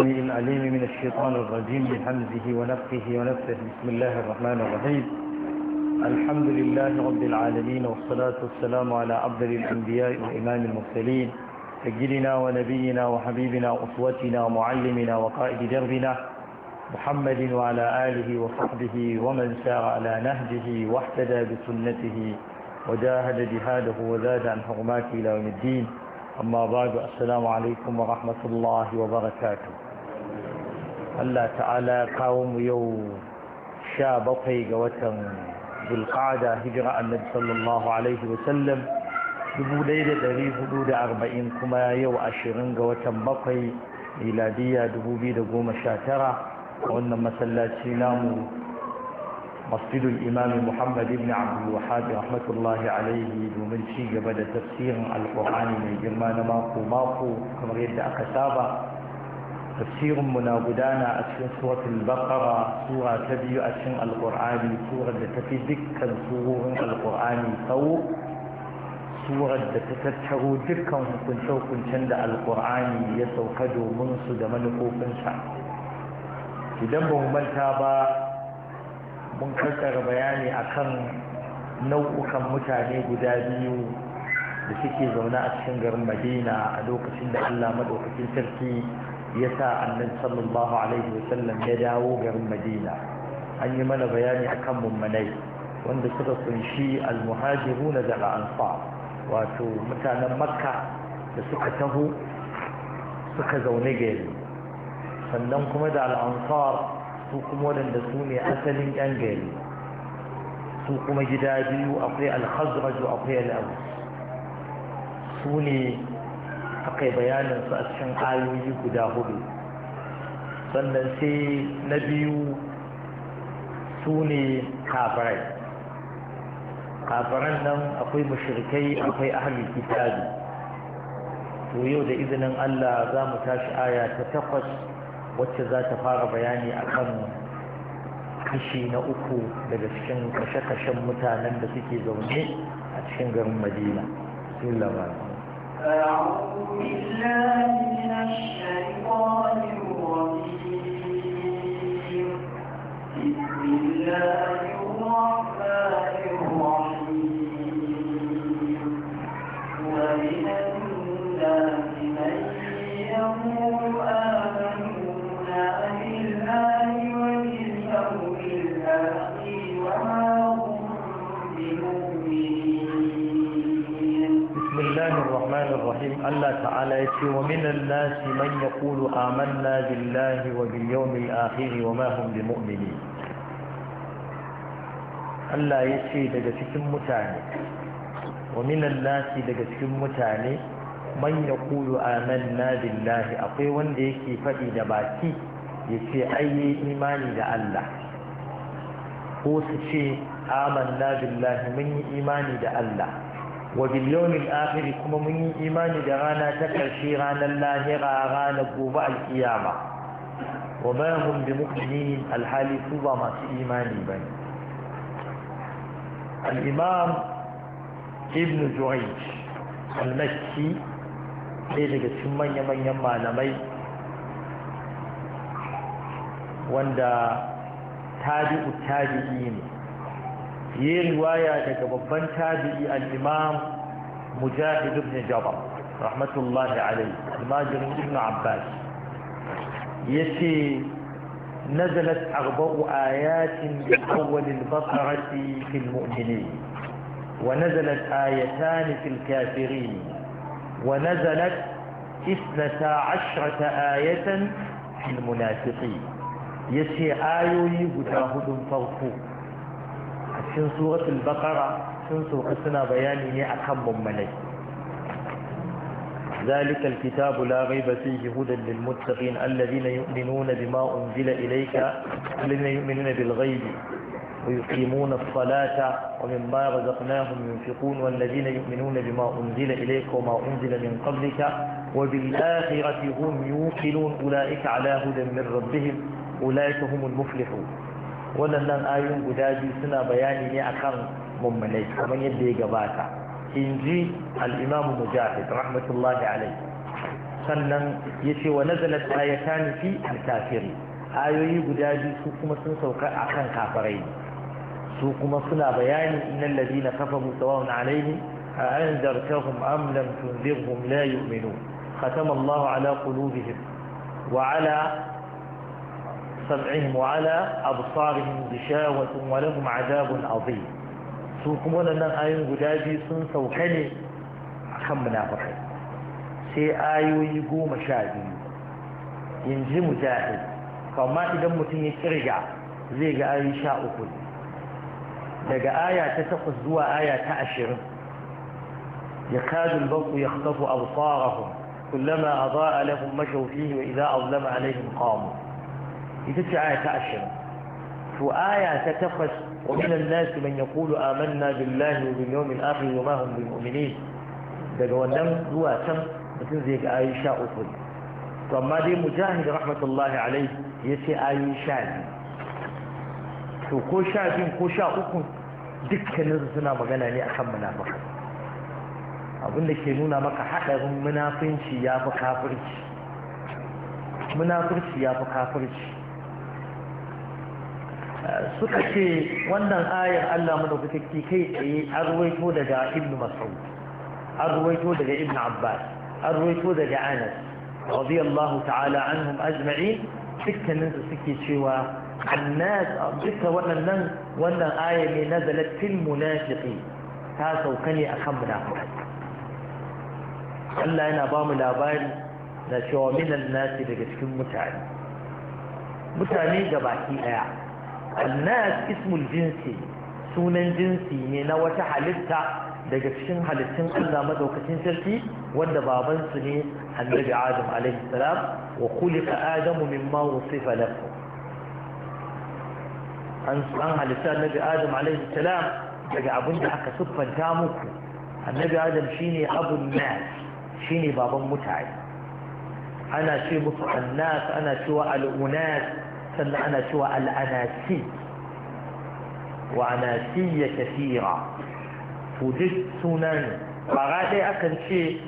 العليم من الشيطان الرجيم من همزه ونفسه بسم الله الرحمن الرحيم الحمد لله رب العالمين والصلاة والسلام على أفضل الأنبياء وإمام المرسلين سجلنا ونبينا وحبيبنا أسوتنا ومعلمنا وقائد دربنا محمد وعلى آله وصحبه ومن سار على نهجه واحتدى بسنته وجاهد جهاده وزاد عن حرماته إلى يوم الدين أما بعد السلام عليكم ورحمة الله وبركاته Allah ta'ala kawo mu yau sha bakwai ga watan zulqada hijira annabi sallallahu alaihi wasallam da hudu da arba'in kuma yau ashirin ga watan bakwai miladiya dubu biyu da goma sha tara a wannan masallaci namu masjidul imami muhammad ibn abdul rahmatullahi alaihi domin ci gaba da tafsirin alƙur'ani mai girma na mako mako kamar yadda aka saba tafsirin mu na gudana a cikin suratul baqara sura ta biyu a cikin alqur'ani sura da ta fi dukkan surorin alqur'ani tsawo surar da ta tattaro dukkan hukunce-hukuncen da alkur'ani ya sauka domin su da manufofinsa idan ba manta ba mun karkar bayani akan nau'ukan mutane guda biyu da suke zaune a cikin garin madina a lokacin da allah maɗaukakin sarki ya sa annan sallallahu alaihi wasallam ya dawo garin madina an yi mana bayani a kan mummanai wanda suka kunshi almuhajiru na daga ansa wato mutanen makka da suka taho suka zaune gari sannan kuma da al'ansar su kuma waɗanda su ne asalin 'yan gari su kuma gida biyu akwai alhazraju akwai al'abu su ne aka yi bayanin su a cikin ayoyi guda hudu sannan sai na biyu su ne kafirai kafiran nan akwai mashirkai akwai ahalin kitabi to yau da izinin Allah za mu tashi aya ta takwas wacce za ta fara bayani akan kashi na uku daga cikin kashe-kashen mutanen da suke zaune a cikin garin madina bismillah بسم الله الرحمن Allah ta'ala ya ce wa minan nasi man yaqulu amanna billahi wa bil yawmil akhir wa ma hum Allah ya ce daga cikin mutane wa minan nasi daga cikin mutane man yaqulu amanna billahi akwai wanda yake faɗi da baki yace ai imani da Allah ko su ce amanna billahi mun yi imani da Allah wa bil akiri kuma mun yi imani da rana ta ƙarshe ranar lahira ranar gobe alkiyama wa ma hum alhali su ba masu imani ba al-imam ibn zuraid al-makki ɗaya daga cikin manya-manyan malamai wanda tabi'u tabi'i ne yi riwaya daga babban tabi'i al-imam mujahid ibn jabal rahmatullahi alayhi al-majrin ibn abbas yace نزلت أربع آيات من أول البقرة في المؤمنين ونزلت آيتان في الكافرين ونزلت اثنتا عشرة آية في المنافقين يسي آيوي قتاهد فرقوه a cikin suratul baqara sun sauka suna bayani ne akan mummalai ذلك الكتاب لا غيب فيه هدى للمتقين الذين يؤمنون بما أنزل إليك الذين يؤمنون بالغيب ويقيمون الصلاة ومما رزقناهم ينفقون والذين يؤمنون بما أنزل إليك وما أنزل من قبلك وبالآخرة هم يوكلون أولئك على هدى من ربهم أولئك هم المفلحون waɗannan ayoyin guda biyu suna bayani ne akan mummunai kamar yadda ya gabata in ji al'imamu mujahid rahmatullahi alai sannan ya ce wa nazalat ayatani fi al-kafiri ayoyi guda biyu su kuma sun sauka akan kafirai su kuma suna bayani innal ladina kafaru sawa'un alaihim a anzartahum am lam tunzirhum la minu ختم ala على قلوبهم وعلى سمعهم وعلى أبصارهم غشاوة ولهم عذاب عظيم سوكم ولنا آيون قداجي سن سوكني أخم منافقين سي آيو يقوم شادي ينزي مجاهد فما إذا متني يترجع زي آي شاء كل لقى آية تتقص زوا آية تأشر يكاد البرق يخطف أبصارهم كلما أضاء لهم مشوا فيه وإذا أظلم عليهم قاموا ita ce aya ta ashirin to aya ta takwas ومن الناس من يقول آمنا بالله وباليوم الآخر وما هم بالمؤمنين daga wannan zuwa can mutum zai ga ayi sha uku to amma dai mujahid rahmatullahi alai ya ce ayi sha to ko sha biyun ko sha uku dukkanin su suna magana ne akan munafiki abin da ke nuna maka haɗarin munafinci ya fi kafirci munafirci ya fi kafirci suka ce wannan ayar Allah madaukaki kai tsaye an ruwaito daga Ibn Mas'ud an ruwaito daga Ibn Abbas an ruwaito daga Anas radiyallahu ta'ala anhum ajma'in dukkanin su suke cewa annas duka wannan wannan aya ne nazalat fil munafiqi ta sauka ne akan munafiqai Allah yana ba mu labari na cewa minan nasi daga cikin mutane mutane baki daya annas ismul jinsi sunan jinsi ne na wata halitta daga cikin halittun Allah madaukakin sarki wanda babansu ne annabi Adam alaihi salam wa khuliqa Adam mimma wusifa lahu an an halitta annabi Adam alaihi salam daga abin da aka siffanta muku annabi Adam shine abun nas shine baban mutane ana ce musu annas ana cewa al'unas تحت العنس والعناسي وأناسية كثيرة فجدتنا فغادي أكل شيء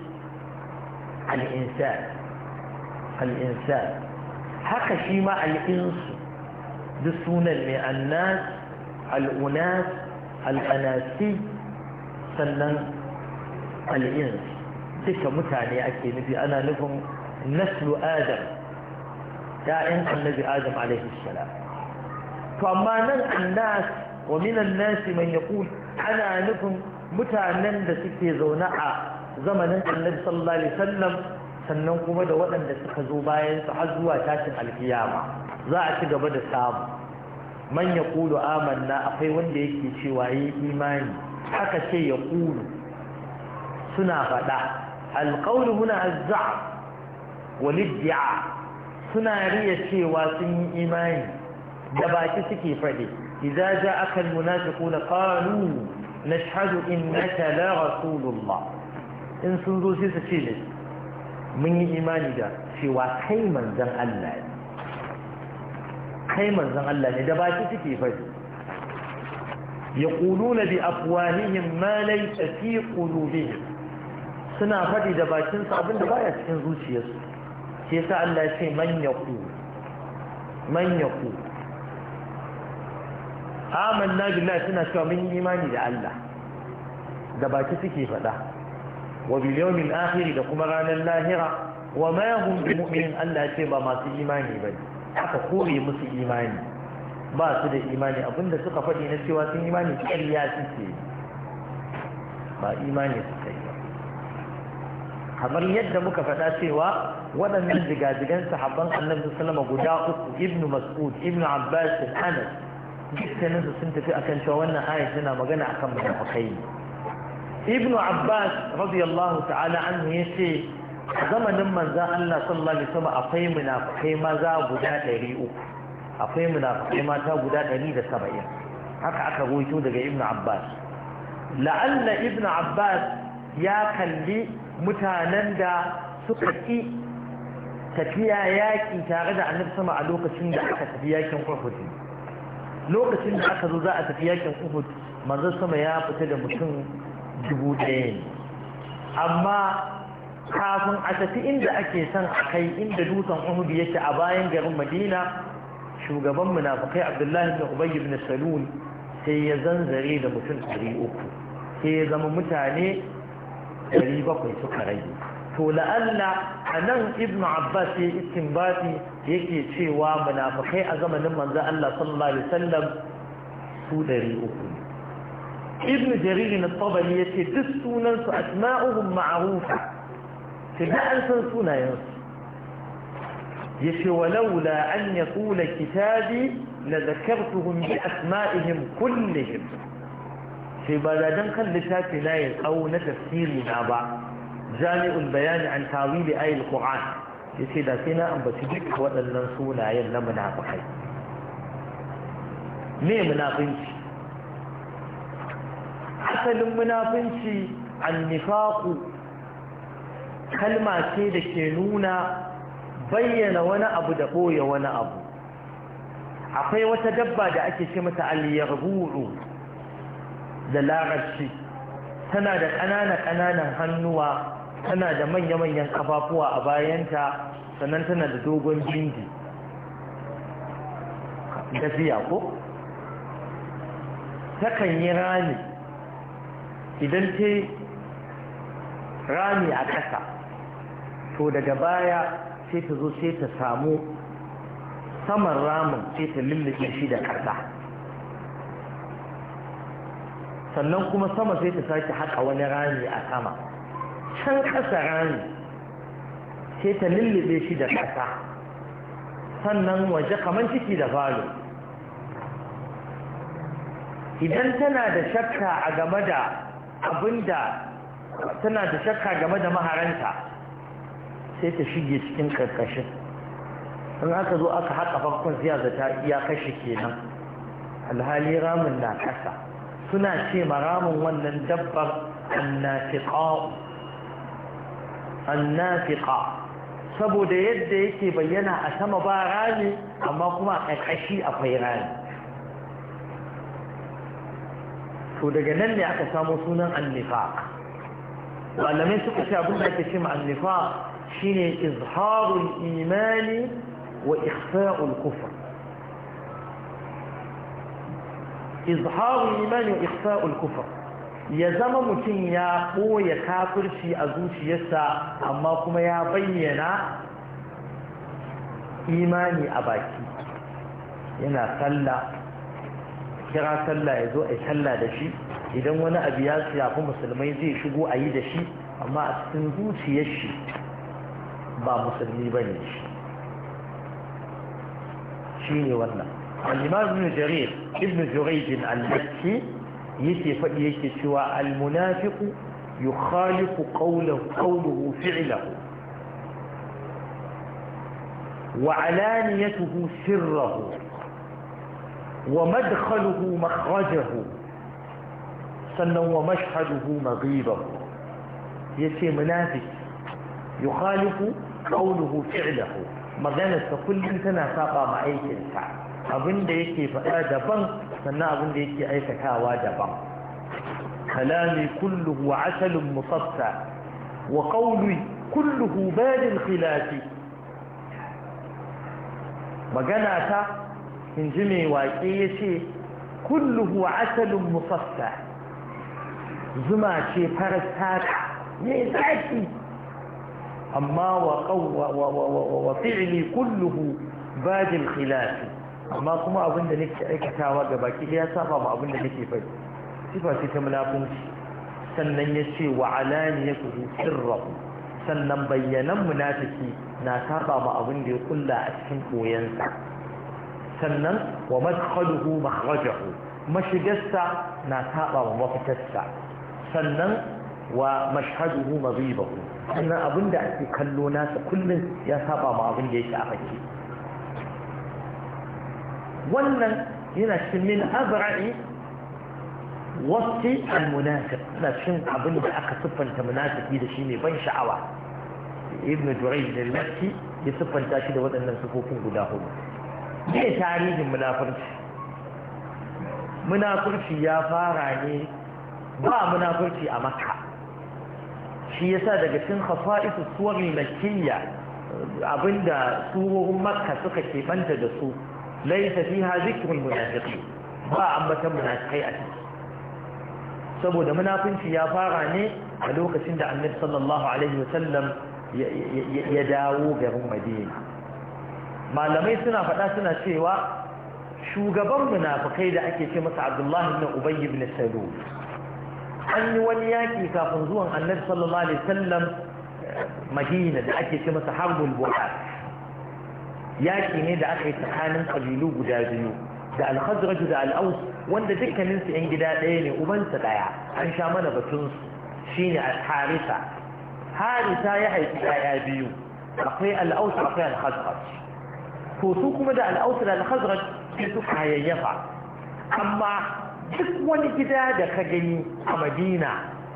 الإنسان الإنسان حق شيء مع الإنس دسونا الناس الأناس الأناسي سنن الإنس تلك متعني أكيد أنا لهم نسل آدم ya'yan annabi adam alaihi to amma nan annas wa minan nasi man ana nufin mutanen da suke zaune a zamanin annabi sallallahu alaihi sannan kuma da waɗanda suka zo bayan su har zuwa tashin alkiyama za a ci gaba da samu man yaqulu amanna akwai wanda yake cewa yi imani haka ce yaqulu suna faɗa alqawlu muna az wa wal suna riya cewa sun yi imani da baki suke faɗi idza ja'aka almunafiquna qalu nashhadu innaka la rasulullah in sun zo sai su ce ne mun yi imani da cewa kai manzon Allah ne kai manzon Allah ne da baki suke faɗi yaquluna bi afwahihim ma laysa fi qulubihim suna faɗi da bakinsu abinda baya cikin zuciyarsu shi yasa Allah ya ce man yaqu man yaqu amanna billahi suna cewa mun yi imani da Allah da baki suke faɗa wa biliyomin yawmil da kuma ranar lahira wa ma hum bi mu'minin Allah ya ce ba masu imani ba bane aka kore musu imani ba su da imani abinda suka faɗi na cewa sun imani ƙarya suke ba imani su kai. kamar yadda muka faɗa cewa waɗannan jigajigan sahabban annabi sallama guda uku ibnu mas'ud ibnu abbas anas dukkanin su sun tafi akan cewa wannan ayat tana magana akan munafikai ibnu abbas radiyallahu ta'ala anhu yace a zamanin manzon Allah sallallahu alaihi wasallam akwai munafikai maza guda 300 akwai munafikai mata guda 170 haka aka ruwaito daga ibnu abbas la'alla ibnu abbas ya kalli mutanen da suka ƙi tafiya yaƙi tare da annabi sama a lokacin da aka tafi yaƙin Uhud lokacin da aka zo za a tafi yaƙin Uhud manzon sama ya fita da mutum dubu ɗaya ne amma kafin a tafi inda ake son a kai inda dutsen Uhud yake a bayan garin Madina shugaban munafikai Abdullahi bin Ubay ibn Salul sai ya zanzare da mutum uku sai ya zama mutane ɗari bakwai suka rage to la'alla a nan ibn abbas ya istinbati yake cewa munafikai a zamanin manzo Allah sallallahu alaihi wasallam su ɗari uku ibn jarir na tabari yace duk sunan su asma'uhum ma'rufa kaga an san sunayen su yace walaula an yaqula kitabi la dhakartuhum bi asma'ihim kullihim sai ba da don kan littafi na ya tsawo na tafsiri na ba jami'ul bayani an tawili ayil qur'an yace da sai na ambaci duk waɗannan sunayen na munafikai me munafinci asalin munafinci annifaqu kalma ce da ke nuna bayyana wani abu da ɓoye wani abu akwai wata dabba da ake ce mata al-yaghuru da larabci tana da ƙanana-ƙananan hannuwa tana da manya-manyan kafafuwa a bayanta sannan tana da dogon jindi gafiya ko takan yi rami idan ce rami a ƙasa to daga baya sai ta zo sai ta samu saman ramin sai ta lullube shi da ƙasa sannan kuma sama sai ta sake haƙa wani rami a sama can ƙasa rami sai ta lullube shi da kasa sannan waje kamar ciki da falo idan tana da shakka a game da abinda tana da shakka game da maharanta sai ta shige cikin ƙarƙashin in aka zo aka haƙa farkon sai ya iya kashe kenan alhali ramin na ƙasa suna ce maramin wannan dabbar annafiqa annafiqa saboda yadda yake bayyana a sama ba rami amma kuma a ƙarƙashi akwai rami to daga nan ne aka samo sunan annifaq malamai suka ce abin da ake ce ma annifaq shine izharul imani wa ikhfa'ul kufr al-iman ikhfa' al kufr ya zama mutum ya koya kafirci a zuciyarsa amma kuma ya bayyana imani a baki yana sallah kira sallah ya zo a sallah da shi idan wani abu ya shafi musulmai zai shigo a yi da shi amma a cikin zuciyar shi ba musulmi ba ne shi ne wannan الإمام ابن جرير ابن جريج المكي يكي فأيكي سوى المنافق يخالف قوله, قوله فعله وعلانيته سره ومدخله مخرجه سنا ومشهده مغيبه يسي منافق يخالف قوله فعله مغانة تقول سنة ساقى مع أيك الفعل abinda da yake faɗa daban sannan abin da yake aikatawa daban kalami kulluhu asalin musafta wa qawli kulluhu badin khilafi magana ta in ji mai waƙe ya ce kulluhu asalin musafta zuma ce farar taka ne zaki amma wa fi'li kulluhu badin khilafi amma kuma abin da nake aikatawa ga baki ya saba ma abin da nake faɗi sifa ce ta munafunci sannan ya ce wa alaniyatu sirra sannan bayyanan munafiki na saba ma abin da ya kulla a cikin koyansa sannan wa madkhaluhu makhrajahu mashigarsa na saba ma mafitarsa sannan wa mashhaduhu madhibahu sannan abin da ake kallo nasa kullum ya saba ma abin da yake a hakki wannan yana cikin min azra'i wasi al-munafiq cikin abin da aka siffanta munafiki da shi mai ban sha'awa ibn jurayj da makki ya siffanta shi da waɗannan sifofin guda hudu ne tarihin munafurci munafurci ya fara ne ba munafurci a makka shi yasa daga cikin khasa'isu suwar makkiyya abinda tsohon makka suka keɓanta da su laisa fiha zikrul munafiqin ba ambatan munafikai a ciki saboda munafinci ya fara ne a lokacin da annabi sallallahu alaihi wasallam ya dawo garin madina malamai suna faɗa suna cewa shugaban munafikai da ake ce masa abdullahi ibn ubay ibn salul an yi wani yaƙi kafin zuwan annabi sallallahu alaihi wasallam eh, madina da ake ce masa harbul bu'ath yaki ne da aka yi tsakanin kabilu guda biyu da al da al wanda dukkanin su yan gida ɗaya ne ubansa ɗaya an sha mana batun su shine harisa harisa ya haifi ɗaya biyu akwai al akwai al to su kuma da al da al-khazraj su kayayyafa amma duk wani gida da ka gani a madina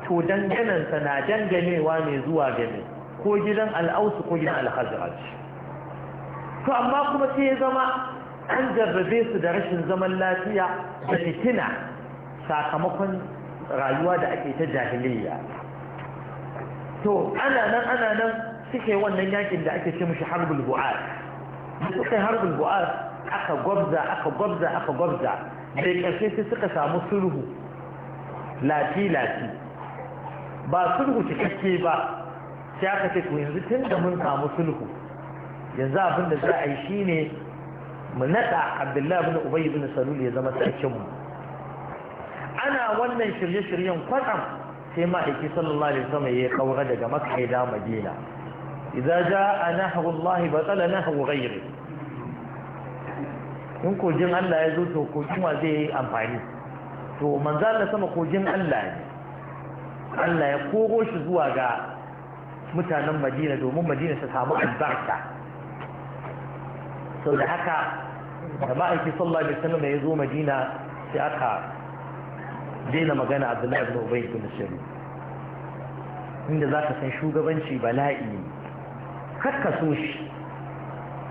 to sa na danganewa ne zuwa gani ko gidan al ko gidan alhazraj to amma kuma sai ya zama an jarrabe su da rashin zaman lafiya da fitina sakamakon rayuwa da ake ta jahiliya to ana nan ana nan suke wannan yakin da ake ce mushi harbul bu'ar suka yi harbul bu'ar aka gwabza aka gwabza aka gwabza bai karfe sai suka samu sulhu lati-lati ba sulhu cikakke ba sai aka ce to yanzu tun da mun samu sulhu yanzu abin da za a yi shine mu nada abdullahi bin ubay bin salul ya zama sarkin mu ana wannan shirye-shiryen kwatsam sai ma aiki sallallahu alaihi wasallam ya kaura daga makka ila madina idza jaa ba allahi na nahru ghairi in kogin Allah ya zo to kogin wa zai yi amfani to manzo Allah sama kogin Allah ne Allah ya koro shi zuwa ga mutanen Madina domin Madina ta samu albarka sau da haka da ma'aiki sallallahu alaihi wasallam ya zo madina sai aka daina magana a abdullahi da ubay ibn shari inda za ka san shugabanci bala'i ne kakka so shi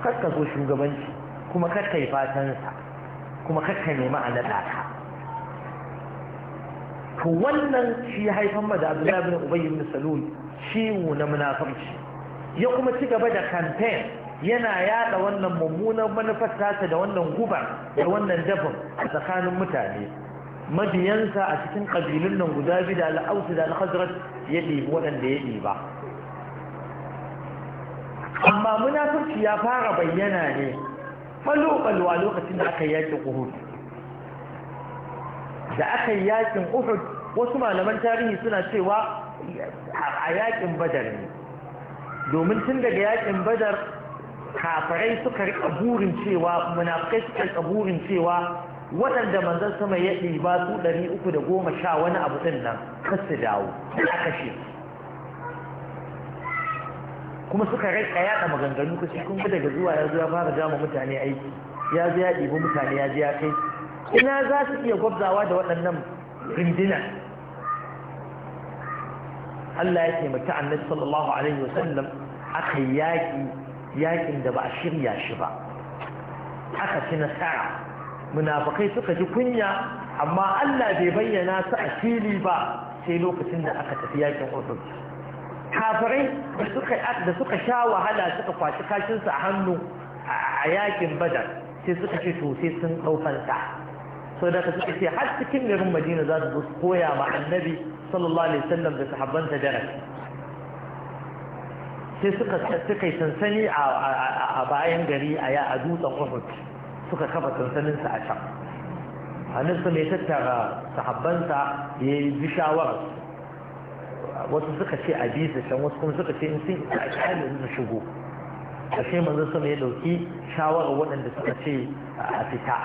kakka so shugabanci kuma kakka yi fatansa kuma kakka nema a naɗa ka to wannan shi ya haifan ma da abdullahi ibn ubay ibn salul ciwo na munafurci ya kuma ci gaba da campaign yana yada wannan mummunan manufar tasa da wannan guba da wannan dafin a tsakanin mutane mabiyansa a cikin ƙabilun nan guda biyu da al'ausu da al'hazrat ya ɗibi waɗanda ya ɗiba amma munafurci ya fara bayyana ne ɓalo-ɓalwa lokacin da aka yaƙin uhud da aka yaƙin uhud wasu malaman tarihi suna cewa a yaƙin badar ne domin tun daga yaƙin badar kafirai suka rika burin cewa munafikai suka rika burin cewa waɗanda manzon sama ya ɗiba su ɗari uku da goma sha wani abu ɗin nan kar su dawo a kashe kuma suka rika yaɗa maganganu kashi kun ga daga zuwa ya zo ya fara jama mutane aiki ya zo ya ɗibi mutane ya je ya kai ina za su iya gwabzawa da waɗannan rundunan Allah ya taimaki annabi sallallahu alaihi wa sallam aka yaƙi yakin da ba a shirya shi ba aka ci nasara munafakai suka ji kunya amma Allah bai bayyana su a fili ba sai lokacin da aka tafi yakin Uhud kafirai da suka sha wahala suka kwashi kashin su a hannu a yakin Badar sai suka ce to sai sun daukar ta so da ka suka ce har cikin garin Madina za su koya ma Annabi sallallahu alaihi wasallam da sahabbansa darasi sai suka suka yi sansani a bayan gari a ya a dutsen Uhud suka kafa sansaninsa a can su mai tattara sahabbansa ya yi bi wasu suka ce a bi su wasu kuma suka ce in sun a kyale su shigo a sai manzon su ya dauki shawarar waɗanda suka ce a fita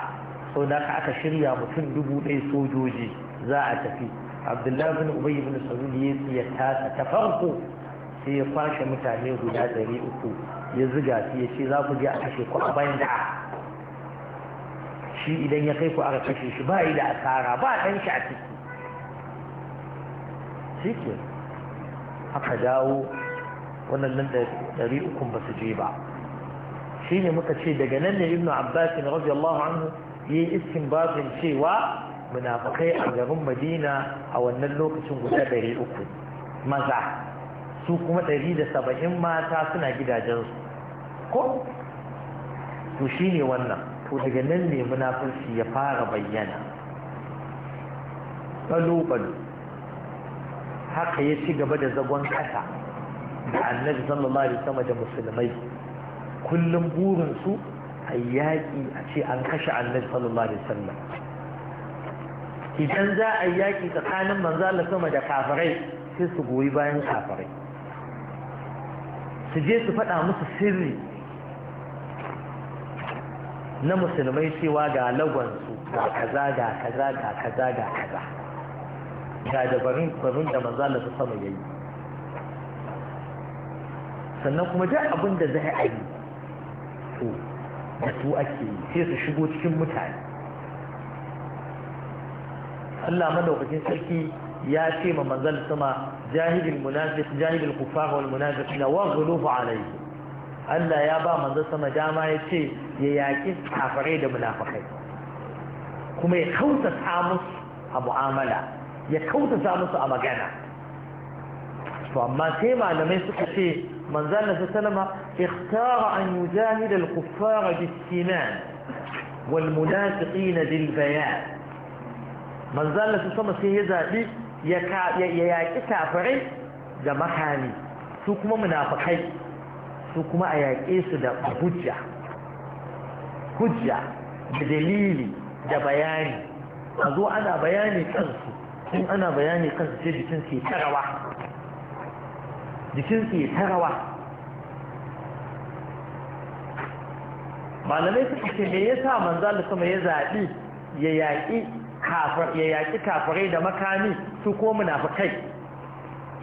sau da aka shirya mutum dubu ɗaya sojoji za a tafi abdullahi bin ubayy bin salul ya tasa ta farko sai ya kwashe mutane guda ɗari uku ya ziga su ya ce za ku je a kashe ku a shi idan ya kai ku aka kashe shi ba yi da asara ba ɗan shi a ciki shi ke aka dawo wannan nan da ɗari uku ba su je ba shi ne muka ce daga nan ne ibnu abbas allahu anhu ya yi istinbatin cewa munafakai a garin madina a wannan lokacin guda ɗari uku maza su kuma ɗari da saba'in mata suna gidajensu ko to shi ne wannan to daga nan ne munafurci ya fara bayyana ɓalo haka ya ci gaba da zagon ƙasa da annabi sallallahu alaihi sama da musulmai kullum burinsu a yaƙi a ce an kashe annabi sallallahu alaihi wasallam idan za a yaƙi tsakanin manzala sama da kafirai sai su goyi bayan kafirai su je su faɗa musu sirri na musulmai cewa ga lagonsu ga kaza ga kaza ga kaza ga kaza ga dabarun barun da manzala su sama yi. sannan kuma duk abin da zai a yi to da su ake yi sai su shigo cikin mutane Allah madaukakin sarki ya ce ma manzal sama جاهد المنافق جاهد الكفار والمنافق لا وغلوف عليه ألا يا با من ذا سما جامع يتي يياكي حفريد منافقين كما يخوت سامس أبو عاملا يخوت سامس أمجانا فما تيما لما يسكتي من ذا نسا سلم اختار أن يجاهد الكفار بالسنان والمنافقين بالبيان من ذا نسا سما سيهزا بي ya yaƙi kafirai da makami su kuma munafakai su kuma a yaƙe su da hujja hujja da dalili da bayani a zo ana bayani kansu in ana bayani kansu sai jikin su tarawa rawa jikin su ta malamai suka ce me yasa manzo Allah kuma ya zabi ya yaƙi kafir ya yaƙi kafirai da makami su ko munafikai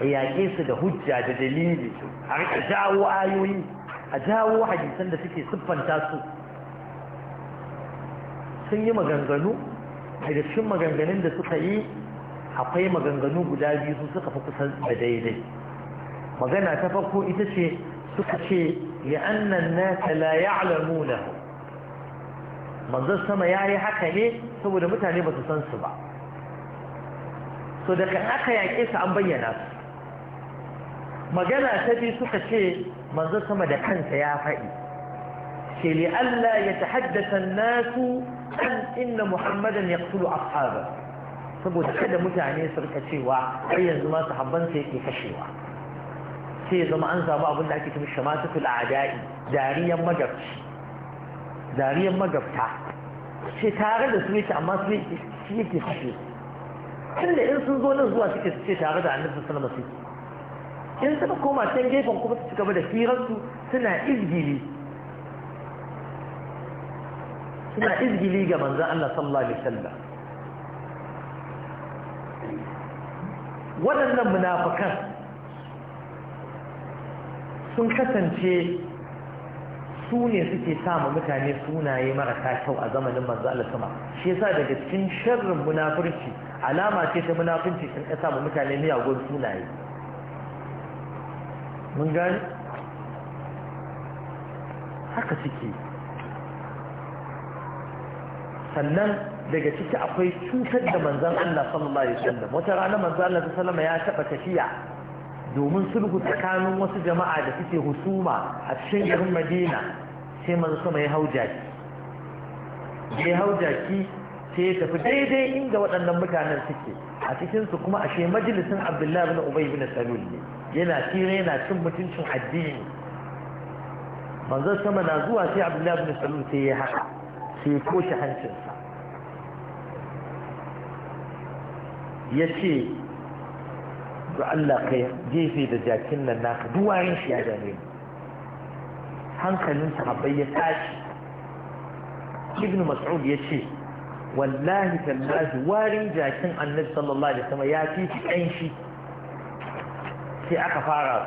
a yaƙe su da hujja da dalili a jawo ayoyi a jawo hadisan da suke siffanta su sun yi maganganu a da cikin maganganun da suka yi akwai maganganu guda biyu su suka fi kusan da daidai magana ta farko ita ce suka ce li'annan nasa la ya'lamuna manzon sama yayi haka ne saboda mutane ba su san su ba so da aka yaƙe su an bayyana su magana ta biyu suka ce manzo sama da kansa ya faɗi ke li Allah ya tahaddasa nasu an inna muhammadan ya kusuru ashaba saboda kada mutane su rika cewa har yanzu ma sahabban sa yake kashewa sai ya zama an samu abin da ake kuma shamatatul a'da'i dariyan magabci dariyan magabta sai tare da su yake amma su yake kashe su tunda in sun zo nan zuwa suke suke tare da annabi sallallahu alaihi wasallam in suka koma can gefen kuma su gaba da hirarsu suna izgili suna izgili ga manzon Allah sallallahu alaihi wasallam waɗannan munafikan sun kasance su ne suke sama mutane sunaye marasa kyau a zamanin manzo Allah sama shi yasa daga cikin sharrin munafurci alama ce ta munafurci sun ka sama mutane miyagun sunaye mun gani haka suke sannan daga ciki akwai cutar da manzon Allah sallallahu alaihi wasallam wata rana manzon Allah sallallahu alaihi wasallam ya taba tafiya domin sulhu tsakanin wasu jama'a da suke husuma a cikin garin madina sai manzo sama ya hau jaki ya hau jaki sai ya tafi daidai inda waɗannan mutanen suke a cikinsu kuma ashe majalisin abdullahi bin ubay bin salul ne yana tira yana cin mutuncin addini manzo sama na zuwa sai abdullahi bin salul sai ya haka sai ya toshe hancinsa ya ce to Allah kai gefe da jakin nan naka duwayen shi ya dame hankalin sahabbai ya tashi ibn mas'ud ya ce wallahi tallahi warin jakin annabi sallallahu alaihi wasallam ya fi shi sai aka fara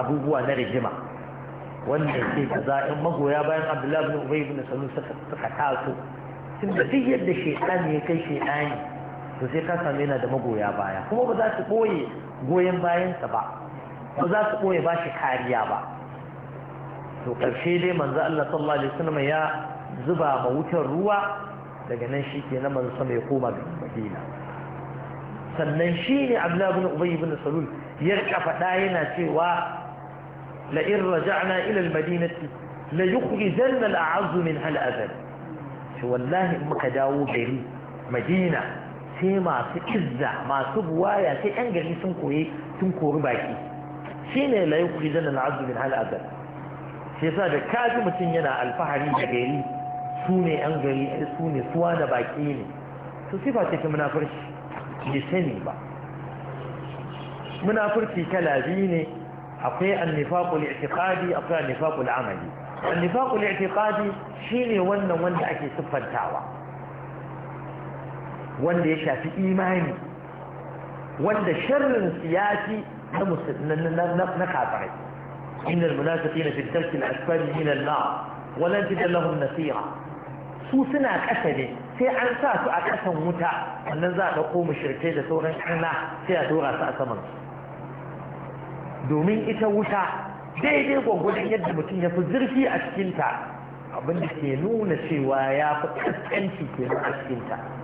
abubuwa na rigima wanda ke kaza in magoya bayan abdullahi ibn ubay ibn salul suka taso tun da duk yadda shaytan ya kai shaytani to sai ka same yana da magoya baya kuma ba za su ɓoye goyon bayansa ba ba za su ɓoye ba shi kariya ba to ƙarshe dai manzo Allah sallallahu alaihi wasallam ya zuba ma wutar ruwa daga nan shi ke na manzo sama ya koma ga Madina sannan shi ne Abdullah ibn Ubay ibn Salul ya rika faɗa yana cewa la in raja'na ila al-madinati la yukhrijanna al-a'azzu min hal-azab wallahi in muka dawo gari Madina sai masu izza masu buwaya sai yan gari sun koyi sun kori baki shi ne la yukuri zanen azu min hal azal shi yasa da kaji mutum yana alfahari da gari su ne yan gari su ne suwa da baki ne su sifa ce ta munafurci bai sani ba munafurci kala biyu ne akwai annifaqul i'tiqadi akwai annifaqul amali annifaqul i'tiqadi shine wannan wanda ake siffantawa wanda ya shafi imani wanda sharrin siyasi na musulman na kafirai innal munafiqina fi ad al-asfali min an-nar wa lan tajid lahum nasira su suna ƙasa ne sai an sa su a ƙasan wuta sannan za a koma shirke da sauran ƙarna sai a dora su a saman domin ita wuta daidai gwagwadon yadda mutum ya fi zurfi a cikinta abinda ke nuna cewa ya fi ƙasƙanci ke a cikinta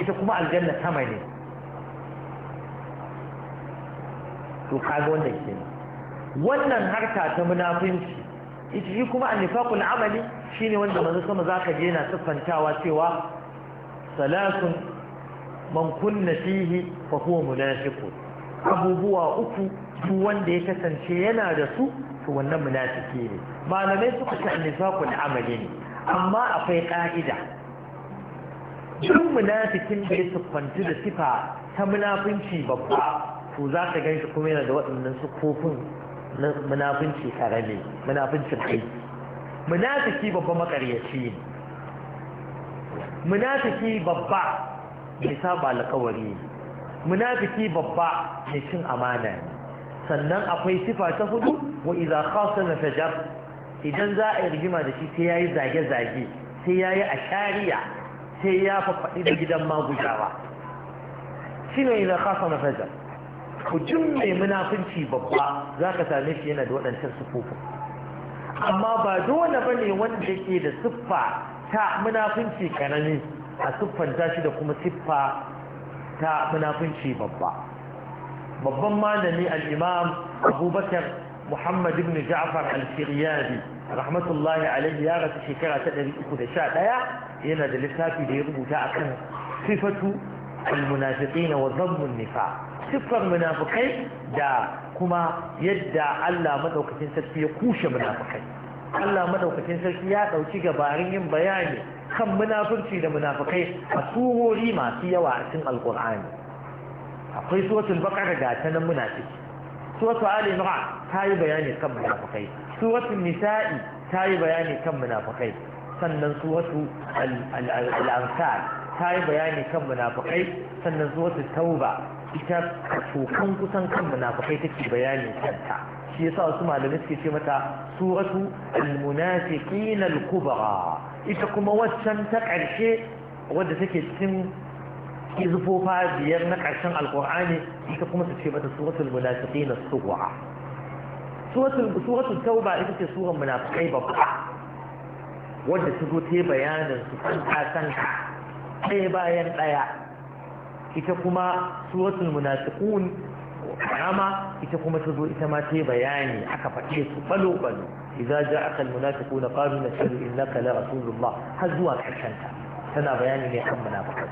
ita kuma aljanna sama ne to kaga wannan ke wannan harka ta munafunci ita shi kuma annifaqul amali shine wanda manzo sama zaka je yana siffantawa cewa salatun man kunna fihi fa huwa munafiq abubuwa uku duk wanda ya kasance yana da su to wannan munafiki ne malamai suka ce annifaqul amali ne amma akwai ka'ida duk munafikin da ya siffanci da sifa ta munafinci babba to za ka gan shi kuma yana da waɗannan siffofin na munafinci karami munafincin aiki munafiki babba makaryaci ne munafiki babba mai saba alkawari ne munafiki babba mai cin amana ne sannan akwai sifa ta hudu wa idza na fajar idan za a yi rigima da shi sai yayi zage-zage sai yayi ashariya sai ya faɗi da gidan magujawa shi ne na kasa na fajar hujjum mai munafunci babba za ka same shi yana da waɗancan sufufin amma ba dole ba ne wanda ke da siffa ta munafunci karami a siffanta shi da kuma siffa ta munafunci babba babban malami al'imam abubakar muhammad ibn ja'far al-firyadi rahmatullahi alaihi ya rasu shekara ta 311 yana da lissafi da ya rubuta akan kan sifatu almunafiki na wazabun nifa siffar munafikai da kuma yadda Allah maɗaukakin sarki ya kushe munafikai Allah maɗaukakin sarki ya ɗauki gabarin yin bayani kan munafurci da munafikai a tsohori masu yawa a cikin alƙur'ani akwai suwatul baƙar ga ta nan munafiki suwatul alimra ta yi bayani kan munafikai suwatul nisa'i ta yi bayani kan munafikai sannan suratu al-arsal ta yi bayani kan munafakai sannan suratu tauba ita tokan kusan kan munafikai take bayani kanta shi yasa wasu malamai suke ce mata suratu al-munafiqin al-kubra ita kuma waccan ta ƙarshe wadda take cikin kizufofa biyar na ƙarshen alƙur'ani ita kuma su ce mata suratul almunafiki na sughra suratul suratul tauba ita ce suran munafakai babba wadda ta zo ta bayanin su sanka sanka ɗaya bayan ɗaya ita kuma suratul munafiqun karama ita kuma ta zo ita ma ta bayani aka faɗe su balo balo idza ja'aka almunafiqun qalu nashhadu innaka la rasulullah har zuwa ƙarshen ta tana bayani ne kan munafiqai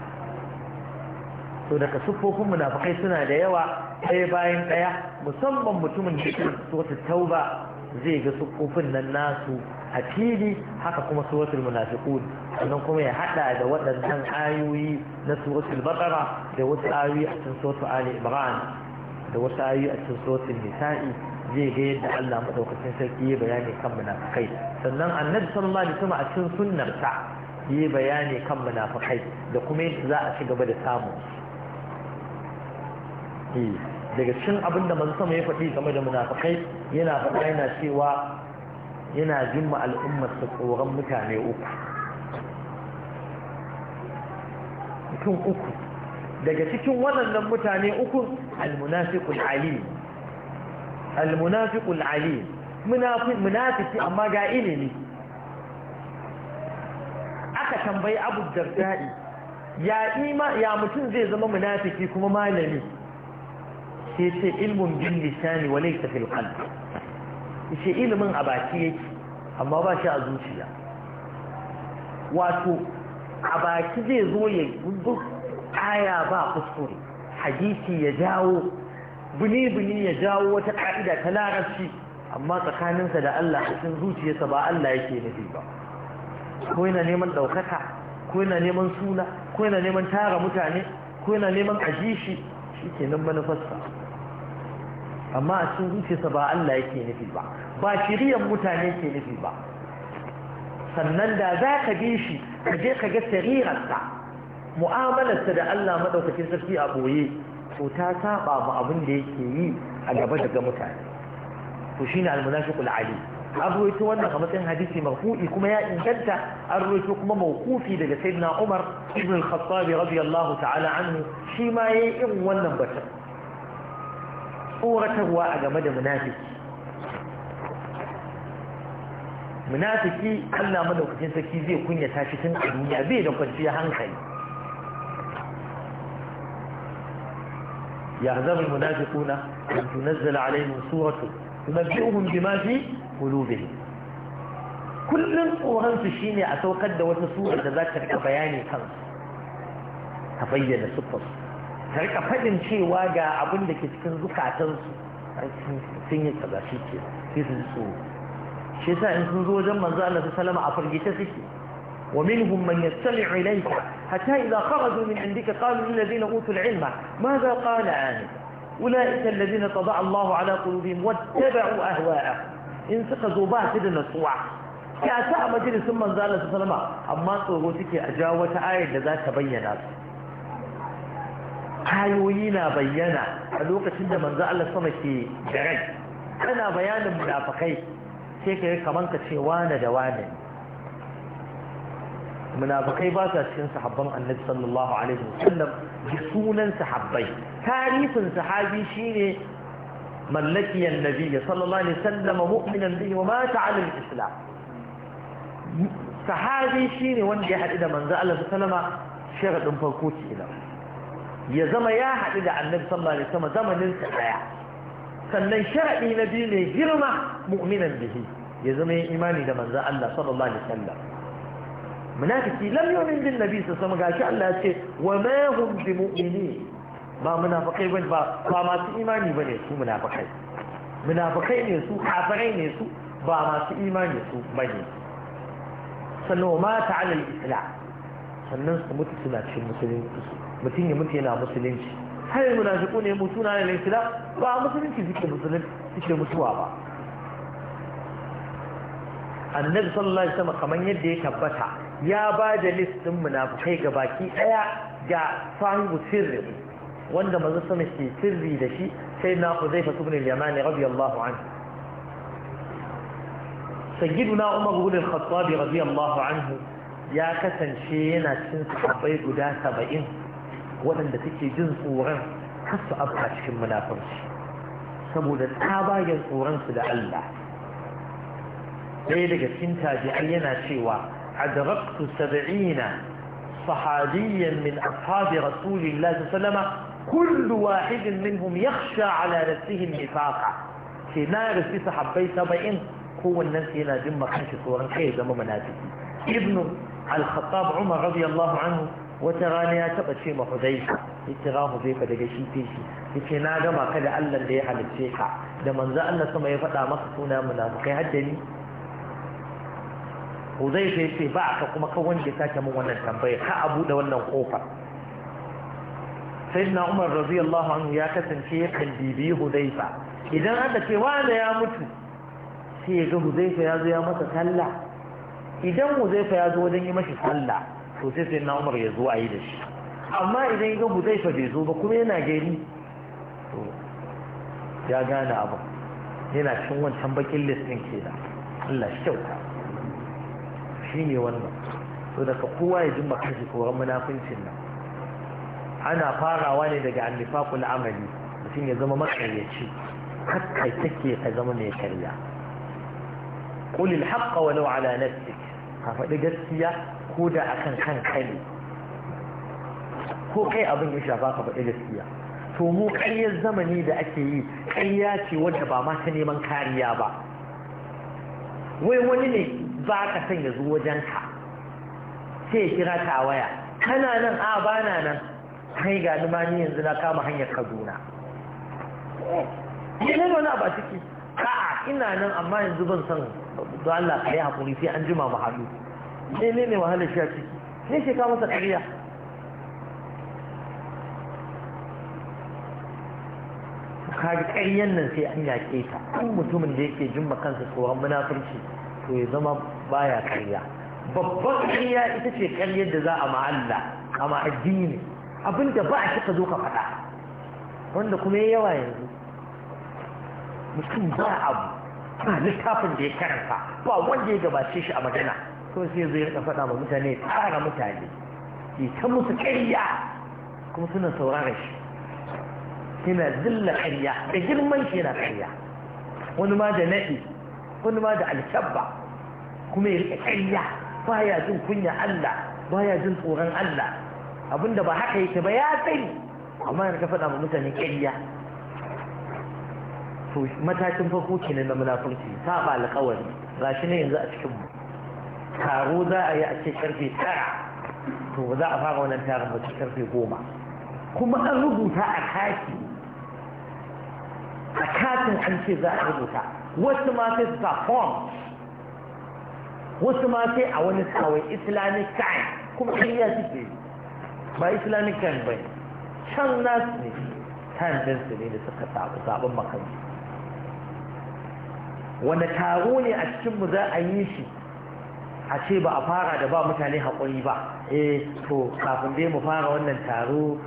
to daga sufofin munafikai suna da yawa ɗaya bayan ɗaya musamman mutumin da ke suratul tauba zai ga sufofin nan nasu a fili haka kuma suratul munafiqun sannan kuma ya hada da waɗannan ayoyi na suratul baqara da wasu ayoyi a cikin suratul ali imran da wasu ayoyi a cikin suratul nisa'i zai ga yadda Allah madaukakin sarki ya bayani kan munafikai sannan annabi sallallahu alaihi wasallam a cikin sunnarsa yi bayani kan munafikai da kuma yadda za a ci gaba da samu eh, daga cikin abin da manzo ya faɗi game da munafikai yana faɗa yana cewa yana jin ma al'ummarsa tsoron mutane uku mutum uku daga cikin waɗannan mutane uku almunafiqul alim almunafiqul alim munafiki amma ga ilimi aka tambayi abu dardai ya ima ya mutum zai zama munafiki kuma malami sai ce ilmun bin lisani wa laysa fil qalbi ce ilimin a baki yake amma ba shi a zuciya wato a baki zai zo ya gudu aya ba kuskure hadisi ya jawo bini-bini ya jawo wata ka'ida ta larabci amma tsakaninsa da Allah cikin zuciyarsa ba Allah yake nufi ba ko yana neman ɗaukaka ko yana neman suna ko yana neman tara mutane ko yana neman ajishi shi ke nan manufarsa amma a cikin zuciyarsa ba Allah yake nufi ba ba shiriyar mutane ke nufi ba sannan da za ka bi shi ka je ka ga sarirarsa mu'amalarsa da Allah maɗaukacin sarki a ɓoye to ta saba ma abin da yake yi a gaba daga mutane to shine almunafiqul ali an ruwaito wannan a matsayin hadisi marfu'i kuma ya inganta an ruwaito kuma makufi daga sayyidina Umar ibn al-Khattab radiyallahu ta'ala anhu shi ma yayi irin wannan batun tsoratarwa a game da munafiki munafiki Allah madaukakin sarki zai kunyata shi tun a duniya bai da kwanciyar hankali يحذر المنافقون أن تنزل عليهم سورة تنبئهم بما في قلوبهم kullum tsoronsu shi ne a saukar da wata sura da za ta rika bayani kansu ta bayyana sufarsu ta rika faɗin cewa ga abin da ke cikin zukatansu sun yi kaza shi ke sai su tsoro shi in sun zo wajen manzo Allah sallama a farge ta suke wa minhum man yattali ilayka hatta idha kharaju min indika qalu lil ladina utul ilma madha qala an ulaika alladhina tada'a Allahu ala qulubihim wattaba'u ahwa'ahum in suka zo ba su da nasuwa ya sa a majalisin manzo Allah sallama amma tsoro suke a jawo wata ayar da za ta bayyana kayoyi na bayyana a lokacin da manza Allah sama ke da rai kana bayanin munafikai sai ka yi kamar ka ce wane da wane munafikai ba sa cikin sahabban annabi sallallahu alaihi wasallam da sunan sahabbai tarihin sahabi shine mallaki annabi sallallahu alaihi wasallam mu'minan bihi wa mata ala al-islam sahabi shine wanda ya haɗu da manzo Allah sallama sharadin farko kenan ya zama ya haɗu da annabi sallallahu alaihi wasallam zamanin sa daya sannan sharadi na biyu ne girma mu'minan bihi ya zama imani da manzo Allah sallallahu alaihi wasallam munafiki lam yu'min bin nabi sallallahu alaihi gashi Allah ya ce wa ma hum bi mu'mini ba munafiki bane ba ba masu imani bane su munafiki munafiki ne su kafirai ne su ba masu imani su bane sannan wa mata ala islam sannan su mutu suna cikin musulunci mutum ya mutu yana musulunci har munafiku ne mutuna ne islam ba musulunci suke musulunci suke mutuwa ba annabi sallallahu alaihi wasallam kaman yadda ya tabbata ya ba da list din munafikai ga baki ɗaya ga sahibu sirri wanda manzo sama ke sirri da shi sai na Huzaifa ibn al-Yamani radiyallahu anhu sayyiduna Umar ibn al-Khattab radiyallahu anhu ya kasance yana cikin sahabbai guda 70 waɗanda suke jin tsoron kasu abba cikin munafurci saboda tsabagen tsoron su da Allah ɗaya daga cikin tabi'ai yana cewa adraktu sab'ina sahabiyan min ashabi rasulillahi sallama kullu wahidin minhum yakhsha ala nafsihi nifaqa ce na rasu sahabbai saba'in kowannen su yana jin makanshi tsoron kai zama munafiki ibnu al-khattab umar radiyallahu anhu wata rana ya taba ce ma hudaifa ya kira hudaifa daga shi sai shi yace na gama ka da Allah da ya halicce ka da manzo Allah sama ya faɗa maka suna munafikai haddani huzaifa ya ce ba ka kuma kan wanda ya sake min wannan tambaya ka a buɗe wannan ƙofa sai na umar radiyallahu anhu ya kasance ya kan bibiyi huzaifa idan aka ce wanda ya mutu sai ya ga huzaifa ya zo ya masa sallah idan huzaifa ya zo wajen yi mashi sallah to sai sai umar ya zo a yi da shi amma idan ya ga huzaifa bai zo ba kuma yana gani to ya gane abu yana cin wancan bakin listin ke da Allah shi kyauta shine wannan to daga kowa ya jin makashi koran munafincin nan ana farawa ne daga annifaqul amali mutum ya zama makaryaci kakkai take ka zama mai karya qul al haqq walau ala nafsik ka gaskiya ko da akan kanka ko kai abin ya shafa ka faɗi gaskiya to mu ƙaryar zamani da ake yi ƙarya ce wadda ba ma ta neman kariya ba wai wani ne ba ka san ya zo wajenka sai ya kira ka a waya kana nan a bana nan kai ga ni yanzu na kama hanyar kaduna eh, ne wani ba ciki ciki a ina nan amma yanzu ban san da Allah ka yi haƙuri sai an jima mu hadu ne ne ne wahalar shi a ciki ne shi ka masa ƙarya kaga nan sai an yaƙe ta kan mutumin da yake jin kansa tsoron munafurci to ya zama baya karya babban karya ita ce karyar da za a ma'alla a ma'addini abinda ba a cika zo ka faɗa wanda kuma ya yawa yanzu mutum ba abu ba littafin da ya karanta ba wanda ya gabace shi a magana to sai zai rika faɗa ma mutane tsara mutane ya ta musu karya kuma suna saurara shi yana zilla karya da girman shi yana karya wani ma da naɗi wani ma da alkyabba kuma ya riƙe ƙarya baya jin kunya Allah ya jin tsoron Allah abinda ba haka yake ba ya sani amma yana ka faɗa ma mutane ƙarya to matakin farko kenan na munafurci saba alƙawari shi ne yanzu a cikinmu taro za a yi a ce ƙarfe tara to ba za a fara wannan taron ba ƙarfe goma kuma an rubuta a kati a katin an ce za a rubuta wasu ma sai su form wasu ma sai a wani kawai islamic time kuma kariya suke ba islamic time ba can nasu ne kan din ne da suka sabu sabon makamu wanda taro ne a cikinmu za a yi shi a ce ba a fara da ba mutane haƙuri ba eh to kafin dai mu fara wannan taro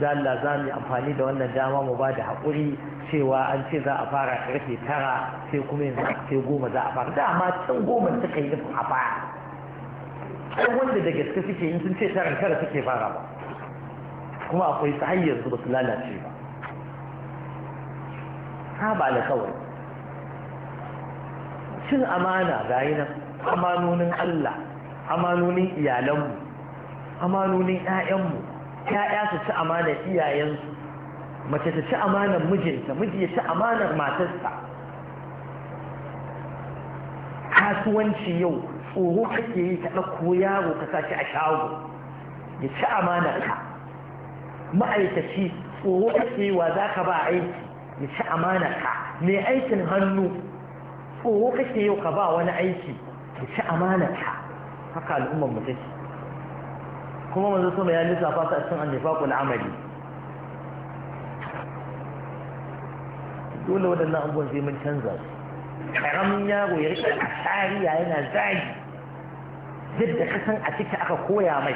da Allah za mu yi amfani da wannan dama mu ba da haƙuri cewa an ce za a fara karfe tara sai kuma yanzu sai goma za a fara dama can goma suka yi nufin a fara ai wanda da gaske suke in sun ce tara tara suke fara ba kuma akwai su har yanzu ba su lalace ba ba da kawai cin amana ga yi nan amanonin Allah amanonin iyalanmu amanonin 'ya'yanmu ya'ya su ci amanar iyayensu mace ta ci amanar mijinta miji ya ci amanar matarsa kasuwanci yau tsoro kake yi ka ɗauko yaro ka sa shi a shago ya ci amanar ka ma'aikaci tsoro kake yi wa za ka ba aiki ya ci amanar ka mai aikin hannu tsoro kake yau ka ba wani aiki ya ci amanar ka haka al'ummar mu take kuma manzo sama ya lissafa su a cikin annifaqul amali dole waɗannan abubuwan sai mun canza su karamin yaro ya a ashariya yana zagi duk da kasan a ciki aka koya mai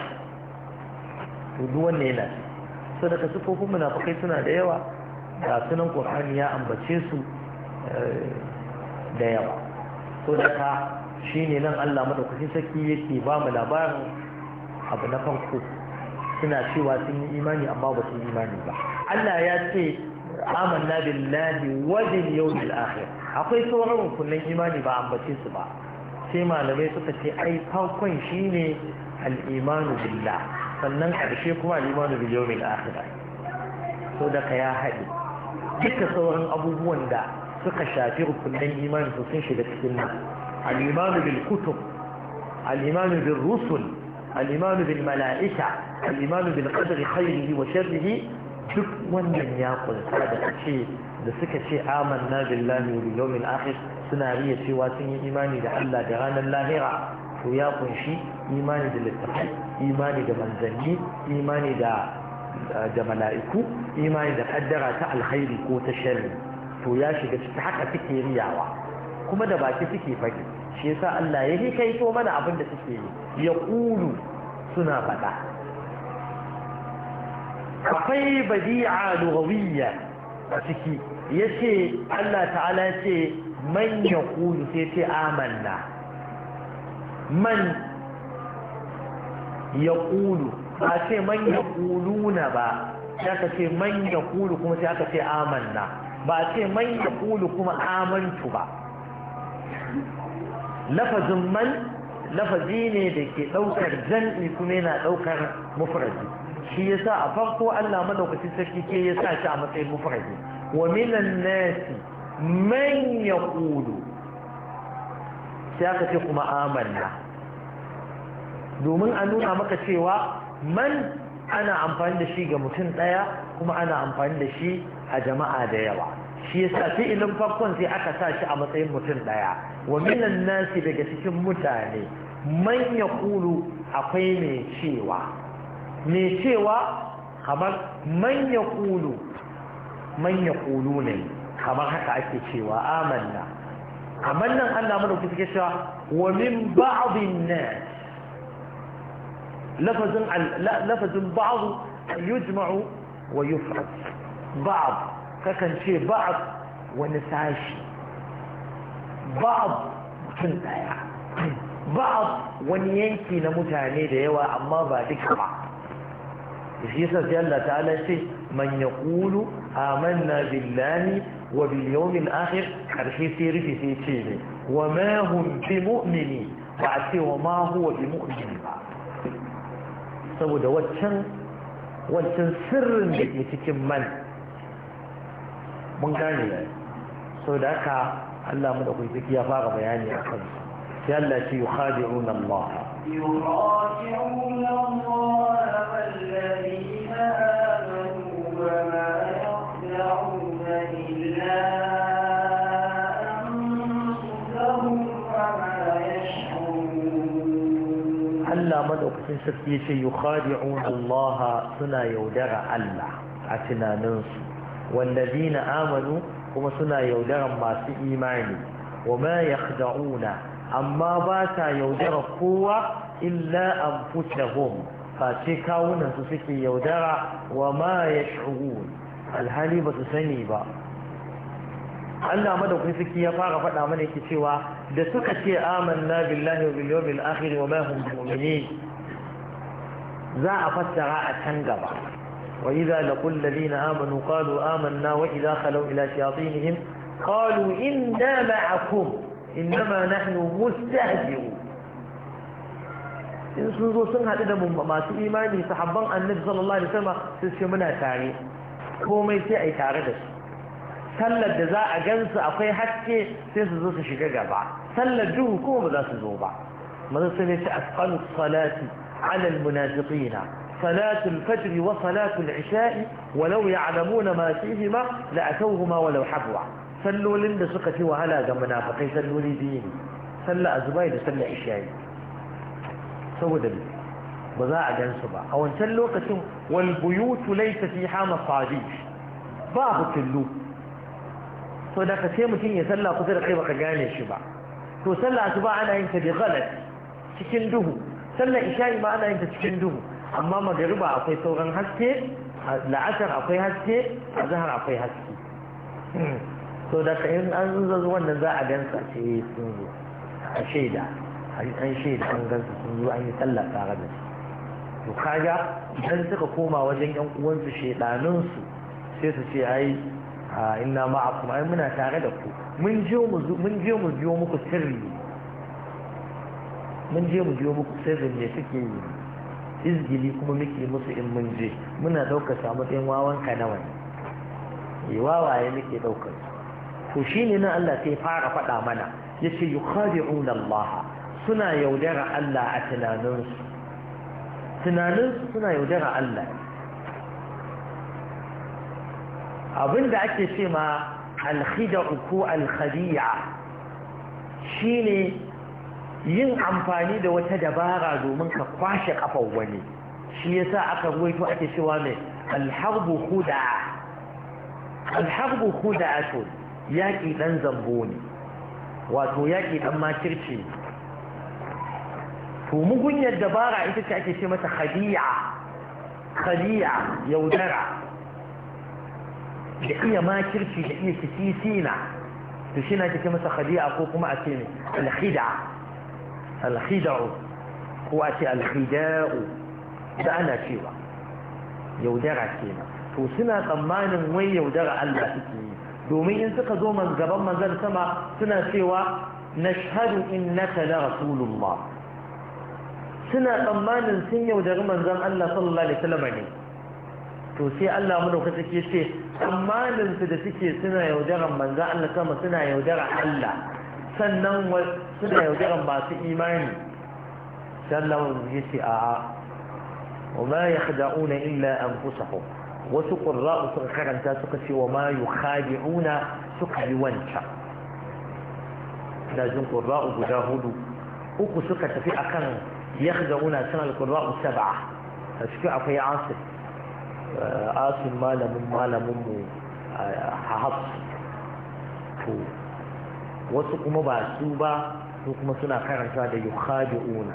to duk wannan yana so daga sufofin munafukai suna da yawa ga sunan qur'ani ya ambace su eh, da yawa so daga shine nan Allah madaukakin sarki yake ba mu labarin abu na farko suna cewa sun yi imani amma ba su yi imani ba Allah ya ce amanna billahi wa bil yawmil akhir akwai sauran rukunin imani ba ambace su ba sai malamai suka ce ai farkon shine al-imanu billah sannan karshe kuma al-imanu bil yawmil akhir so da ka ya haɗe duka sauran abubuwan da suka shafi rukunin imani su sun shiga cikin nan al-imanu bil kutub al-imanu bil rusul al'imanu bil mala'ika al'imanu bil qadri khairihi wa sharrihi duk wannan ya kunsa da ce da suka ce amanna billahi wa bil yawmil akhir suna riya cewa sun yi imani da Allah da ranar lahira to ya kunshi imani da littafai imani da manzanni imani da da mala'iku imani da kaddara ta alkhairi ko ta sharri to ya shiga ciki haka suke riyawa kuma da baki suke faɗi shi yasa Allah ya hikaito mana abin da suke yi ya ƙulu suna faɗa akwai badi'a lugawiyya a ciki ya ce Allah ta'ala ce man ya ƙulu sai ce amanna man ya ƙulu ba ce man ya na ba ya ka ce man ya ƙulu kuma sai aka ce amanna ba ce man ya ƙulu kuma amantu ba lafazin man lafazi ne da ke ɗaukar jan'i kuma yana ɗaukar mufarazi shi ya sa a farko Allah madaukakin sarki ke ya sa shi a matsayin mufarazi wa minan nasi man ƙudu sai aka ce kuma amanna domin a nuna maka cewa man ana amfani da shi ga mutum ɗaya kuma ana amfani da shi a jama'a da yawa shi ya sa fi ilin farkon sai aka sa shi a matsayin mutum ɗaya wa minan nasi daga cikin mutane man ya kulu akwai mai cewa mai cewa kamar man ya kulu man ya kulu ne kamar haka ake cewa amanna kamar nan Allah madauki suke cewa wa min ba'dhin nas lafazin lafazin ba'd yujma'u wa yufrad ba'd kakan ce ba'd wani sashi ba'ad mutum daya wani yanki na mutane da yawa amma ba duka ba shi yasa sai Allah ta'ala ce man yaqulu amanna billahi wa bil yawmil akhir karshe sai rufe sai ce ne wa ma hum bi mu'mini ba ce wa ma huwa bi mu'mini ba saboda waccan wancan sirrin da ke cikin man mun gane sau da haka Allah mu da kuwa ya fara bayani a kan sai Allah ce yukhadi'un Allah يخادعون الله والذين آمنوا وما يخدعون إلا Allah maɗaukacin sarki ya ce yi khadi'un Allah suna yaudara Allah a tunaninsu wallazina amanu kuma suna yaudaran masu imani wa ma yakhda'una amma ba ta yaudara kowa illa anfusahum face kawunan su suke yaudara wa ma yash'urun alhali ba su sani ba Allah madaukakin sarki ya fara faɗa mana yake cewa da suka ce amanna billahi wa bil yawmil akhir wa ma hum mu'minin za a fassara a can gaba وإذا لقوا الذين آمنوا قالوا آمنا وإذا خلوا إلى شياطينهم قالوا إنا معكم إنما نحن مستهزئون in sun zo sun haɗu da masu imani sahabban annabi sallallahu alaihi wasallam su ce muna tare komai sai ai tare da su sallar da za a gansu akwai haske sai su zo su shiga gaba sallar duhu kuma ba za su zo ba manzo sai ya ce asqalu salati ala almunafiqina صلاة الفجر وصلاة العشاء ولو يعلمون ما فيهما لأتوهما ولو حبوا صلوا لند سكتي وهلا جمنا فقي صلوا لي ديني صلى أزباي لصلى عشاء سوى دليل بزاع جنسبة أو أن صلوا كتم والبيوت ليس فيها مصابيح باب تلو so da ka sai mutum ya salla kusa da kai baka gane shi ba to sallah asuba ana yin ta bi ghalat cikin duhu sallar isha'i ma ana yin ta cikin duhu amma magariba akwai sauran haske la'asar akwai haske a zahar akwai haske hmm. so da ka yin an zazu wanda za a gansa ce sun zo a shaida an shaida an gansu sun zo an yi sallah tare da su to kaga idan suka koma wajen yan uwansu shaidaninsu sai su ce ai inna ma'akum ai muna tare da ku mun je mu biyo muku sirri mun je mu biyo muku sirri ne suke yi izgili kuma muke musu in mun je muna ɗaukar su a matsayin wawan ka nawa ne eh, wawaye muke ɗaukar su to shine na Allah sai fara faɗa mana yace yukhadi'una Allah suna yaudara Allah a tunaninsu tunaninsu suna yaudara Allah abinda ake ce ma alkhida'u ko alkhadi'a shine yin amfani da wata dabara domin ka kwashe kafar wani shi yasa aka ruwaito ake cewa mai alharbu huda alharbu huda to yaƙi ɗan zambo ne wato yaƙi ɗan makirci to mugunyar dabara ita ce ake ce mata khadi'a khadi'a yaudara da iya makirci da iya kisisina to shi na ake ce masa khadi'a ko kuma a ce ne alhida alkhida'u ko a ce alkhida'u da ana cewa yaudara kenan to suna tsammanin wai yaudara Allah suke yi domin in suka zo man gaban manzon sama suna cewa nashhadu innaka la rasulullah suna tsammanin sun yaudari manzan Allah sallallahu alaihi wasallam ne to sai Allah mu dauka take ce tsammanin su da suke suna yaudaran manzan Allah sama suna yaudara Allah sannan suna yaudaran masu imani sallan ya ce a a wa ma ya khada'una illa an fusahu wasu ƙurra'u suka karanta suka ce wa ma yi khadi'una suka yi wancan da jin ƙurra'u guda hudu uku suka tafi a kan ya khada'una sun alƙurra'u saba'a a cikin akwai asir asir malamin malamin mu a hafsu wasu kuma ba su ba su kuma suna karanta da yukhadi'una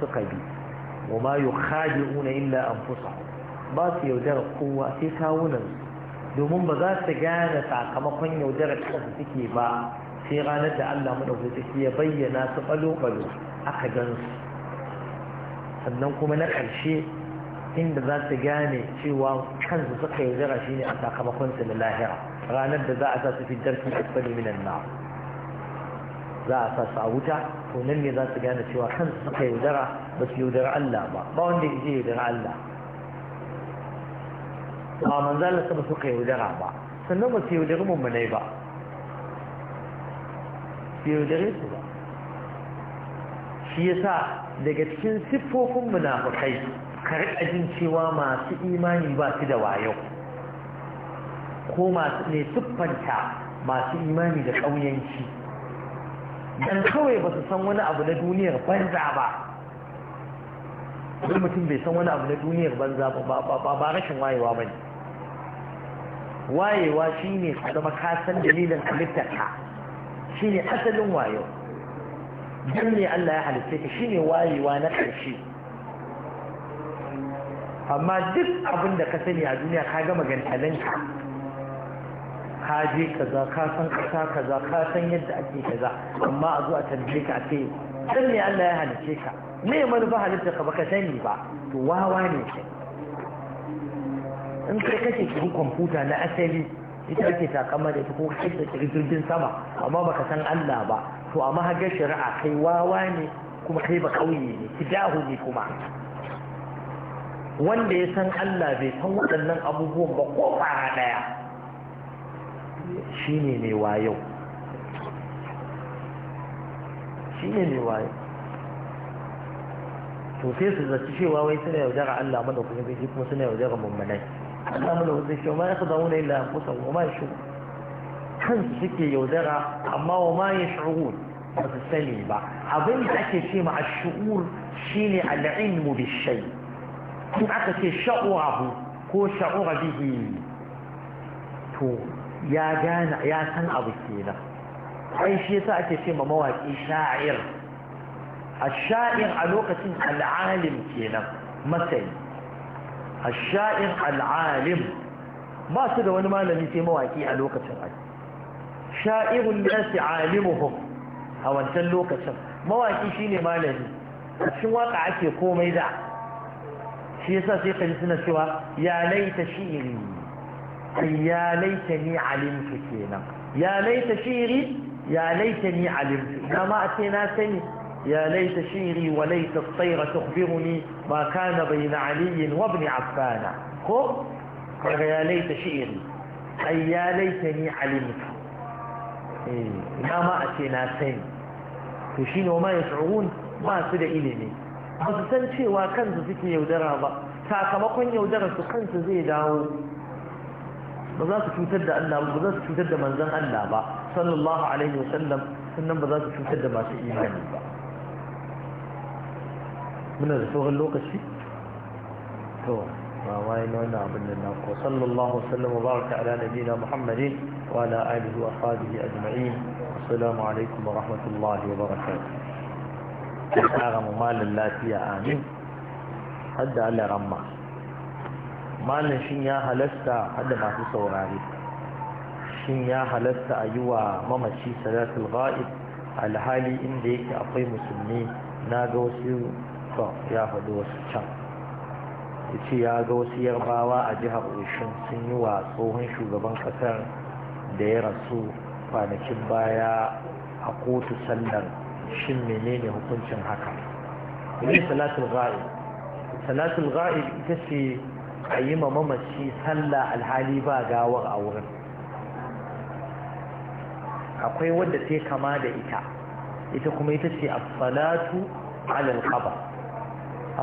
suka bi wa ma yukhadi'una illa anfusa ba su yaudara kowa sai kawunan domin ba za su gane sakamakon yaudarar kansu suke ba sai ranar da Allah madaukaki ya bayyana su balo-balo aka gan su sannan kuma na ƙarshe inda za su gane cewa kansu suka yaudara shine a sakamakonsu na lahira ranar da za a sa su fi darkin asfali minan na'am za a sa a wuta to nan ne za su gane cewa kan suka yaudara ba su yaudara Allah ba ba wanda ya je yaudara Allah ba manzala sama suka yaudara ba sannan ba su yaudari mummunai ba su yaudare su ba shi yasa daga cikin siffofin munafukai karɓa jin cewa masu imani ba su da wayo ko masu ne siffanta masu imani da ƙauyanci dan kawai ba su san wani abu na duniyar banza ba wani mutum bai san wani abu na duniyar banza ba ba rashin wayewa ba ne wayewa shi ne ka zama kasan dalilin ka shi ne asalin wayo don ne Allah ya halitta ka shi ne wayewa na ƙarshe amma duk abin da ka sani a duniya ka gama gantalinka ka je kaza ka san kasa kaza ka san yadda ake kaza amma a zo a tambaye ka a ce dan ne Allah ya halice ka me manufa halitta ka baka sani ba to wawa ne kai in kai kake kirin kwamfuta na asali ita ake takama da ita ko kai da kirin jirgin sama amma baka san Allah ba to a mahagar shari'a kai wawa ne kuma kai ba kauye ne ki kidahu ne kuma wanda ya san Allah bai san waɗannan abubuwan ba ko fara ɗaya ne mai wayo shine mai wayo to sai su zaci cewa wai suna yaudara Allah mana kuma zai kuma suna yaudara mummunai Allah mana wanda zai ma ya zama wani illa kusa wa ma shi kansu suke yaudara amma wa ma ya shi'ur ba su sani ba abin da ake ce ma a shi'ur shine al'ilmu bi shay in aka ce sha'urahu ko sha'ura bihi to ya gane ya san abu kenan ai shi yasa ake ce ma mawaki sha'ir a lokacin al'alim kenan masai ash-sha'ir al'alim ba da wani malami sai mawaki a lokacin ai sha'ir nasi alimuhum a wancan lokacin mawaki shine malami a cikin waka ake komai da shi sa sai kaji suna cewa ya laita shi'iri ai ya laita ni alimtu kenan ya laita shiri ya laita ni alimtu ina ma a ce na sani ya laita shiri wa laita tsaira tukhbiruni ma kana bayna ali wa ibn affan ko kaga ya laita shiri ai ya laita ni alimtu eh ma a ce na sani to shine wa ma yash'urun ba su da ilimi ba su san cewa kansu suke yaudara ba sakamakon yaudarar su kansu zai dawo ba za su cutar da Allah ba za su cutar da manzon Allah ba sallallahu alaihi wasallam sannan ba za su cutar da masu imani ba muna da sauran lokaci to ba wai na wannan abin nan ko sallallahu wasallam wa baraka ala nabiyina muhammadin wa ala alihi wa sahbihi ajma'in assalamu alaikum wa rahmatullahi wa barakatuh ta ga mu malin lafiya amin hadda Allah ramma malin shin ya halasta hada masu saurari shin ya halasta a yi wa mamaci salatul ba'id alhali inda yake akwai musulmi na ga wasu ya faɗi wasu can ya ce ya ga wasu yarbawa a jihar oshun sun yi wa tsohon shugaban ƙasar da ya rasu kwanakin baya a kotu sallar shin menene hukuncin haka salatul ga'ib salatul ga'ib ita ce a yi ma mamaci sallah alhali ba gawar a wurin akwai wadda sai kama da ita ita kuma ita ce a salatu alal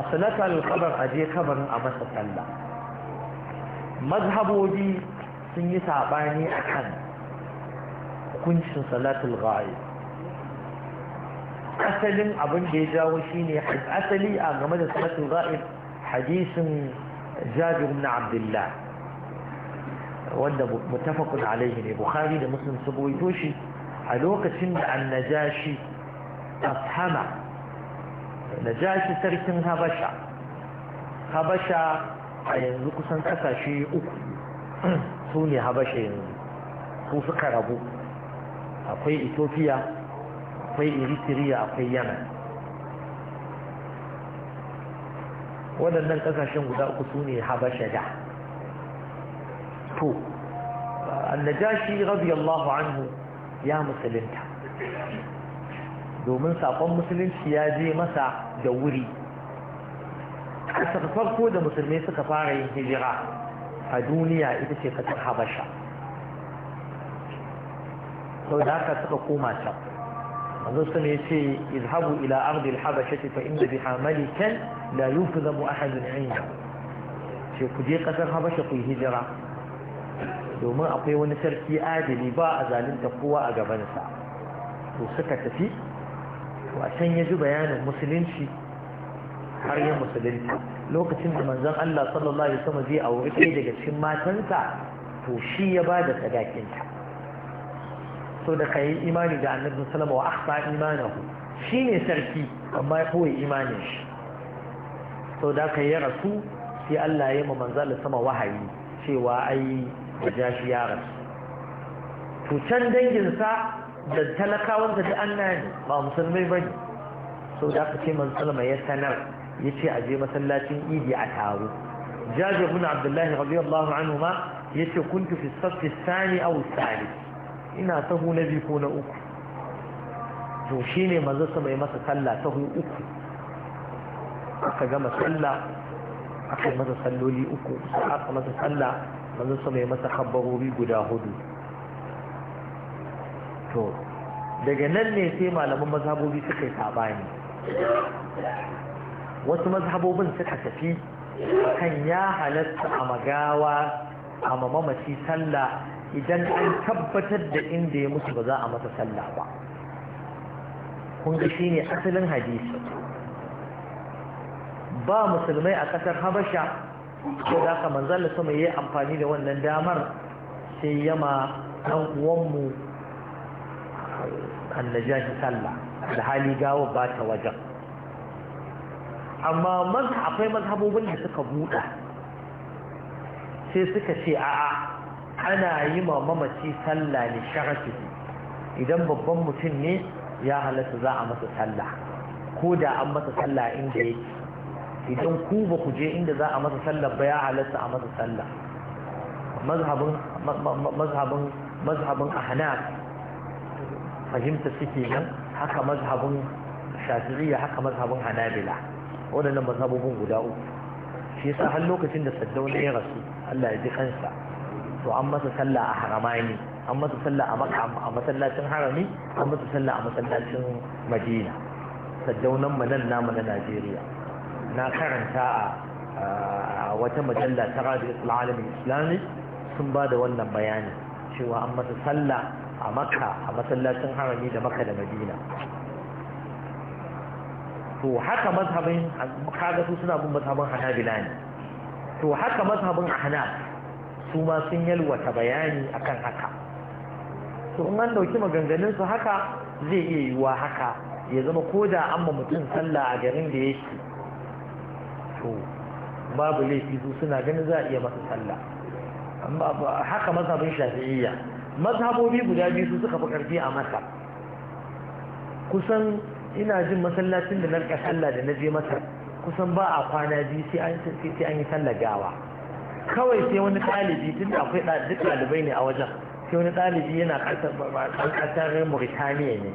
a salatu alal a je kabarin a masa sallah mazhabobi sun yi saɓani a kan hukuncin salatul ghaib asalin abin da ya jawo shine asali a game da salatul ghaib hadisin jabir ibn Abdullahi wanda mutafakun alaihi ne bukhari da muslim su goyito a lokacin da annajashi ashama najashi sarkin habasha habasha a yanzu kusan ƙasashe uku sune habasha yanzu su suka rabu akwai ethiopia akwai eritrea akwai yemen waɗannan ƙasashen guda uku su ne habasha da to annajashi radiyallahu anhu ya musulunta domin saƙon musulunci ya je masa da wuri ƙasar farko da musulmai suka fara yin hijira a duniya ita ce ƙasar habasha sau da haka suka koma can manzo sama ya ce izhabu ila ardi al-habashati fa inna biha malikan la yufzamu ahadun inda ce ku je kasar habasha ku hijira domin akwai wani sarki adili ba a zalunta kowa a gabansa to suka tafi to a can ya ji bayanin musulunci har ya musulunci. lokacin da manzon Allah sallallahu alaihi wasallam zai aure ɗaya daga cikin matansa to shi ya ba da sadakinta so da ka yi imani da annabi sallama wa akhfa imanahu shine sarki amma ya koyi imanin shi so da kai yi rasu sai Allah ya yi ma manzo sama wahayi cewa ai wajashi ya rasu to can danginsa da talakawan da ta anna ne ba musulmai bane so da aka ce manzo ya sanar ya ce a je masallacin idi a taro jabir ibn abdullahi radiyallahu anhu ma yace kuntu fi safi thani aw thalith ina sahu na biyu ko na uku to shi ne manzo mai masa talla sahu uku aka gama sallah aka yi masa salloli uku aka masa sallah manzo sama mai masa habbarori guda hudu to daga nan ne sai malaman mazhabobi suka yi sabani wasu mazhabobin suka tafi kan ya halatta a magawa a mamamaci sallah idan an tabbatar da inda ya mutu ba za a masa sallah ba kun ga shine asalin hadisi ba musulmai a kasar habasha ko da ka manzala sama yayi amfani da wannan damar sai yama dan uwanmu annajashi sallah da hali gawo ba wajen amma akwai mazhabobin da suka buɗa sai suka ce a'a ana yi ma mamaci sallah ne sharafi idan babban mutum ne ya halatta za a masa sallah ko da an masa sallah inda yake idan ku ba ku je inda za a masa sallah ba ya halatta a masa sallah mazhabin mazhabin mazhabin ahnaf fahimta suke nan haka mazhabin shafi'iyya haka mazhabin hanabila waɗannan mazhabobin guda uku shi yasa har lokacin da saddauna ya rasu Allah ya ji kansa to an masa sallah a haramani an masa sallah a maka a masallacin harami an masa sallah a masallacin madina saddaunan manan namu na najeriya na karanta a wata majalla ta radio alamin islami sun ba da wannan bayani cewa an masa sallah a maka a masallacin harami da maka da madina to haka mazhabin kaga su suna bin mazhabin hanabila ne to haka mazhabin ahnaf su ma sun yalwata bayani akan haka to in an ɗauki su haka zai iya yiwuwa haka ya zama ko da an ma mutum sallah a garin da yake to babu laifi su suna ganin za a iya masa sallah haka mazhabin shafi'iyya mazhabobi guda biyu su suka fi karfi a masa kusan ina jin masallacin da na sallah da na je masa kusan ba a kwana biyu sai an yi sallah gawa kawai sai wani ɗalibi tun da akwai duk ɗalibai ne a wajen sai wani ɗalibi yana ƙasar Mauritania ne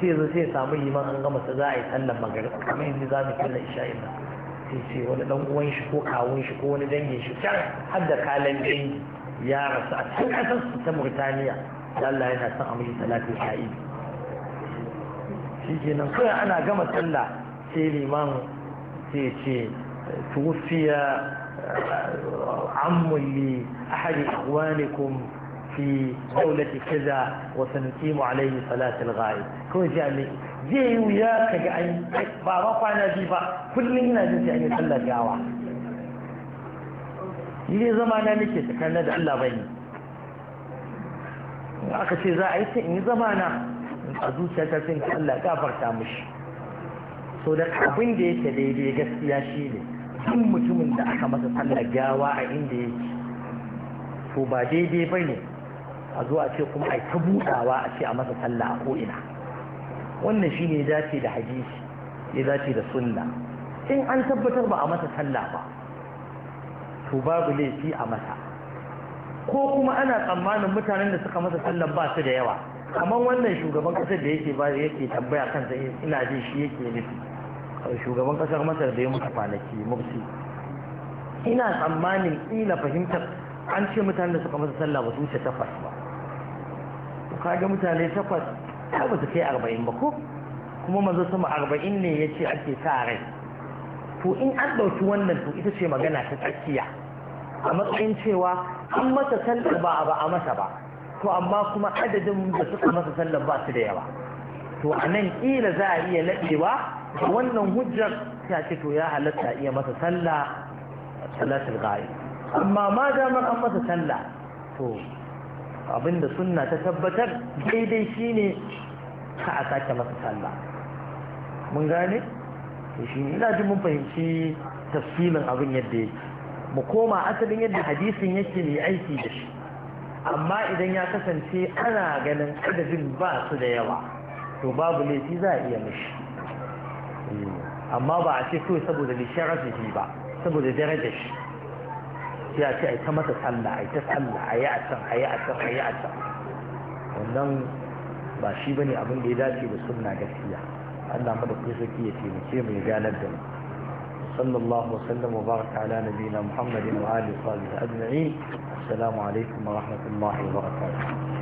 sai zo sai samu liman an gama za a yi sallar magari kamar yanzu za mu sallar isha'in ba sai ce wani ɗan uwan shi ko kawun shi ko wani dangin shi can har da kalan dangi ya rasu a cikin ƙasar ta Mauritania da Allah yana son a mai salatu sha'i shi kenan kawai ana gama sallah sai liman sai ce tufiya عم لأحد إخوانكم في دولة كذا وسنقيم عليه صلاة الغائب كون جامي جي وياك أي بابا فانا جيبا كل هنا جنسي أن يصلى جاوة يلي زمانا نكي سكان ندع الله بني aka ce za a yi in yi zamana a zuciya ta sun Allah gafarta mushi so da abin da yake daidai gaskiya shi ne duk mutumin da aka masa sallar gawa a inda yake to ba daidai ba ne a zo a ce kuma a ta buɗawa a ce a masa sallah a ko'ina wannan shi ne dace da hadisi ya dace da sunna in an tabbatar ba a masa sallah ba to babu laifi a masa ko kuma ana tsammanin mutanen da suka masa sallar ba su da yawa kamar wannan shugaban ƙasar da yake ba yake tambaya kansa eh, ina jin shi yake nufi shugaban kasar masar da ya mutu kwanaki mursi ina tsammanin ina fahimtar an ce mutane da suka masa sallah ba su wuce takwas ba ka ga mutane takwas ta ba su kai arba'in ba ko kuma mazo sama arba'in ne ya ce ake sa rai to in an ɗauki wannan to ita ce magana ta tsakiya a matsayin cewa an masa sallar ba ba a masa ba to amma kuma adadin da suka masa sallar ba su da yawa to a nan ƙila za a iya naɗewa wannan hujjar ya ce to ya halatta iya masa sallah salatul ghaib amma ma damar an masa sallah to abinda sunna ta tabbatar daidai shine ka a sake masa sallah mun gane shi ina jin mun fahimci tafsilin abin yadda yake mu koma asalin yadda hadisin yake mai aiki da shi amma idan ya kasance ana ganin adadin ba su da yawa to babu laifi za a iya mishi amma ba a ce kawai saboda lisharafihi ba saboda darajar shi sai a ce a yi ta mata sallah a yi ta sallah a yi a can a yi a can a yi a can wannan ba shi ne abin da ya dace da sunna gaskiya Allah madaukakin sarki ya taimake mu ya ganar da mu صلى الله وسلم وبارك wa نبينا محمد وآله وصحبه أجمعين alaikum wa ورحمة wa وبركاته